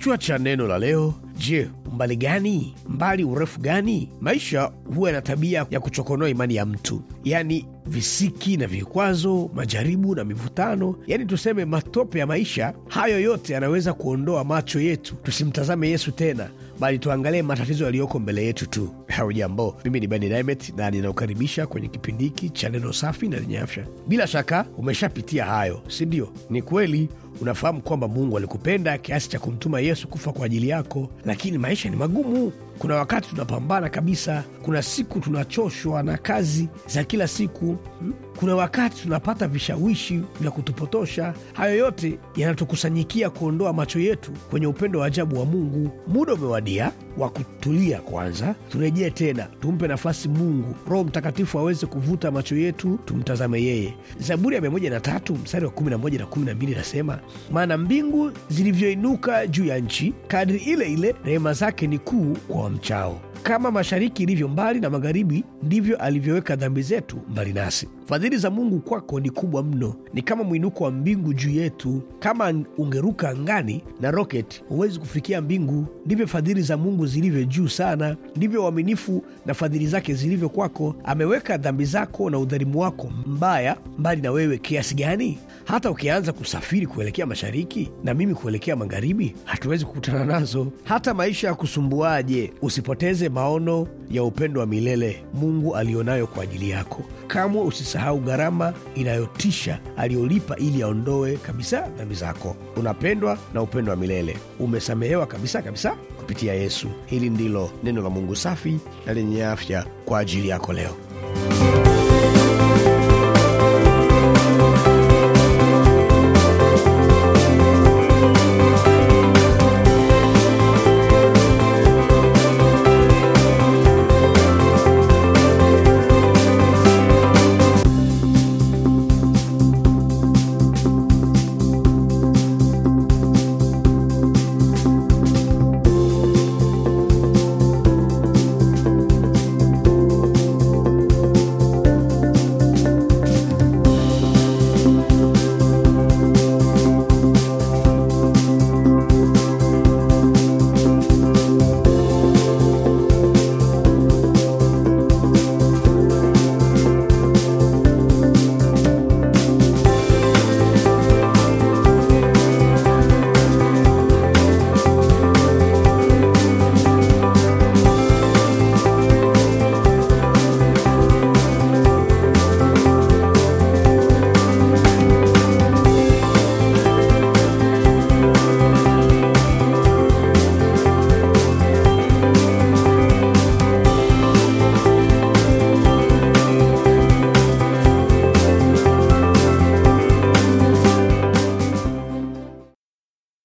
Kichwa cha neno la leo: Je, umbali gani? Mbali urefu gani? Maisha huwa yana tabia ya kuchokonoa imani ya mtu, yaani visiki na vikwazo, majaribu na mivutano, yaani tuseme matope ya maisha. Hayo yote yanaweza kuondoa macho yetu, tusimtazame Yesu tena, bali tuangalie matatizo yaliyoko mbele yetu tu. Hujambo, mimi ni Beni Dimet na ninakukaribisha kwenye kipindi hiki cha neno safi na lenye afya. Bila shaka umeshapitia hayo, si ndio? Ni kweli unafahamu kwamba Mungu alikupenda kiasi cha kumtuma Yesu kufa kwa ajili yako, lakini maisha ni magumu. Kuna wakati tunapambana kabisa, kuna siku tunachoshwa na kazi za kila siku, hmm? kuna wakati tunapata vishawishi vya kutupotosha. Hayo yote yanatukusanyikia kuondoa macho yetu kwenye upendo wa ajabu wa Mungu. Muda umewadia wa kutulia kwanza, turejee tena, tumpe nafasi Mungu, Roho Mtakatifu aweze kuvuta macho yetu, tumtazame yeye. Zaburi ya 103 mstari wa 11 na 12 nasema maana mbingu zilivyoinuka juu ya nchi, kadri ile ile rehema zake ni kuu kwa wamchao. Kama mashariki ilivyo mbali na magharibi, ndivyo alivyoweka dhambi zetu mbali nasi. Fadhili za Mungu kwako ni kubwa mno, ni kama mwinuko wa mbingu juu yetu. Kama ungeruka angani na roketi, huwezi kufikia mbingu. Ndivyo fadhili za Mungu zilivyo juu sana, ndivyo uaminifu na fadhili zake zilivyo kwako. Ameweka dhambi zako na udhalimu wako mbaya mbali na wewe kiasi gani, hata ukianza kusafiri kuelekea mashariki na mimi kuelekea magharibi, hatuwezi kukutana nazo. Hata maisha ya kusumbuaje, usipoteze maono ya upendo wa milele Mungu alionayo kwa ajili yako. Kamwe usisa Usisahau gharama inayotisha aliyolipa ili aondoe kabisa dhambi zako. Unapendwa na upendo wa milele, umesamehewa kabisa kabisa kupitia Yesu. Hili ndilo neno la Mungu safi na lenye afya kwa ajili yako leo.